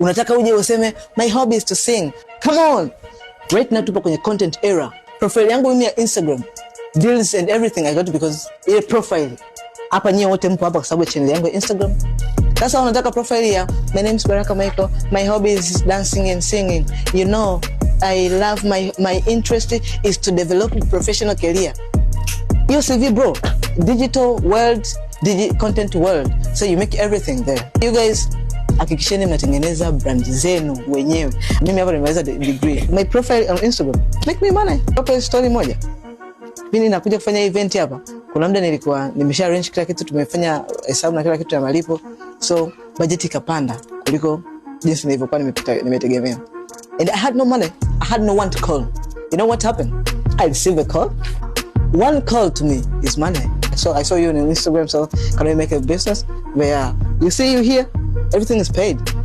unataka uje useme my hobby is to sing. Come on. Right now tupo kwenye content era. Profile yangu mimi ya Instagram deals and everything I got because ile profile hapa, nyie wote mpo hapa kwa sababu ya channel yangu ya Instagram. Sasa unataka profile ya my name is Baraka Michael, my hobby is dancing and singing, you know I love my, my interest is to develop professional career. Hiyo CV bro, digital world, digi content world. So you make everything there. You guys hakikisheni mnatengeneza brand zenu wenyewe. Mimi hapa nimeweza degree, my profile on Instagram make me money, drop story moja. Mimi nakuja kufanya event hapa, kuna muda nilikuwa nimesha arrange kila kitu, tumefanya hesabu na kila kitu ya malipo, so bajeti ikapanda kuliko jinsi nilivyokuwa nimetegemea, and I had no money, I had no one to call. You know what happened? I received a call. One call to me is money. So I saw you on Instagram. So can we make a business where you see you here? Everything is paid.